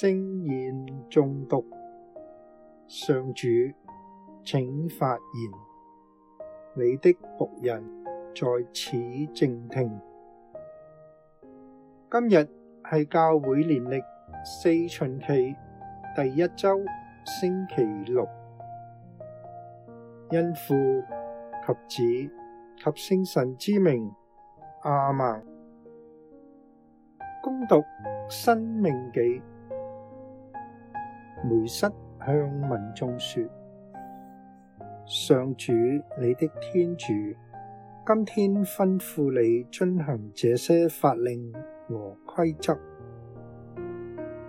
聖言誦讀，上主，請發言，你的僕人在此靜聽。今日係教會年曆四旬期第一周星期六，因父及子及聖神之名亞孟，恭讀申命紀。梅瑟向民眾說：上主，你的天主，今天吩咐你遵行這些法令和規則，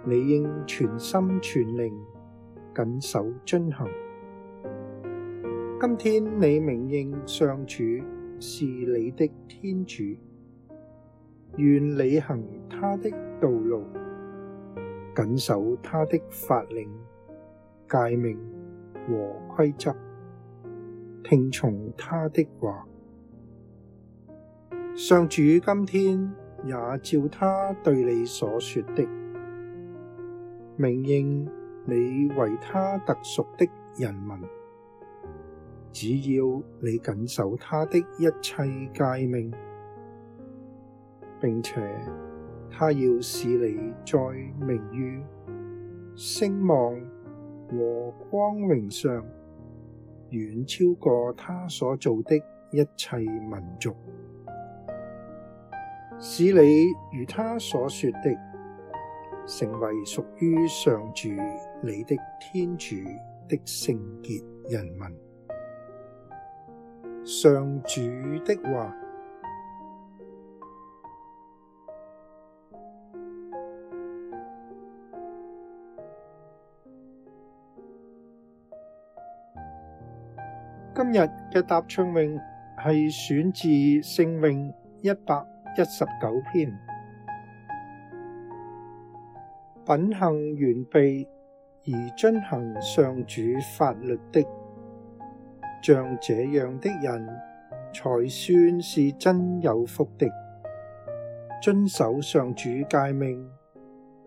你應全心全靈謹守遵行。今天你明認上主是你的天主，願你行他的道路。謹守他的法令、誡命和規則，聽從他的話。上主今天也照他對你所說的，明認你為他特屬的人民，只要你謹守他的一切誡命，並且，他要使你在名譽、聲望和光榮上，遠超過他所造的一切民族，使你如他所說的，成為屬於上主你的天主的聖潔人民。上主的話。今日嘅答唱詠係選自聖詠一百一十九篇，品行完備而遵行上主法律的，像這樣的人才算是真有福的，遵守上主誡命，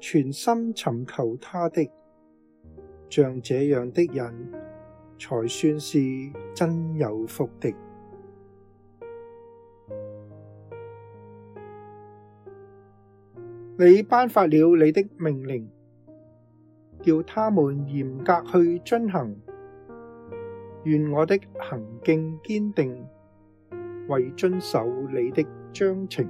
全心尋求他的，像這樣的人。才算是真有福的。你頒發了你的命令，叫他們嚴格去遵行。願我的行徑堅定，為遵守你的章程。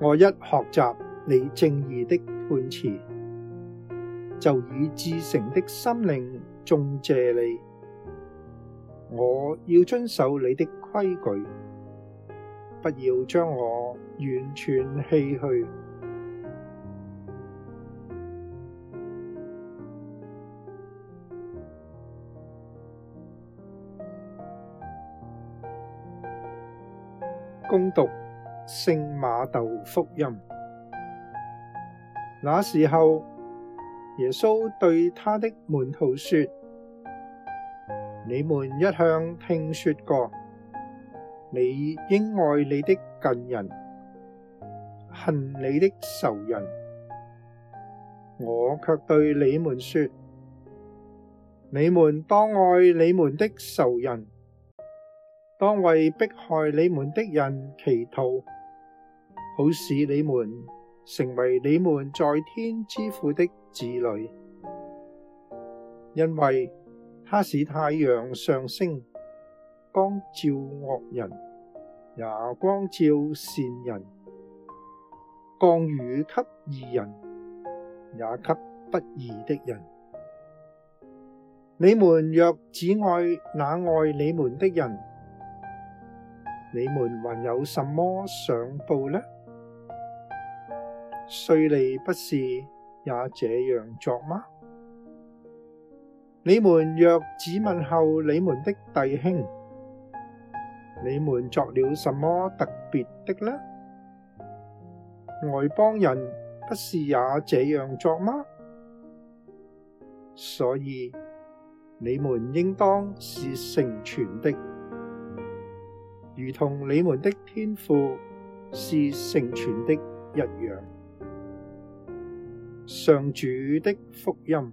我一學習。你正義的判詞，就以至誠的心靈頌謝你。我要遵守你的規矩，不要將我完全棄去。恭讀聖瑪竇福音。那時候，耶穌對他的門徒說：你們一向聽說過，你應愛你的近人，恨你的仇人。我却對你們說，你們當愛你們的仇人，當為迫害你們的人祈禱，好使你們成為你們在天之父的子女，因為他使太陽上升，光照惡人，也光照善人；降雨給義人，也給不義的人。你們若只愛那愛你們的人，你們還有什麼賞報呢？稅吏不是也這樣做嗎？你們若只問候你們的弟兄，你們作了什麼特別的呢？外邦人不是也這樣做嗎？所以你們應當是成全的，如同你們的天父是成全的一樣。上主的福音。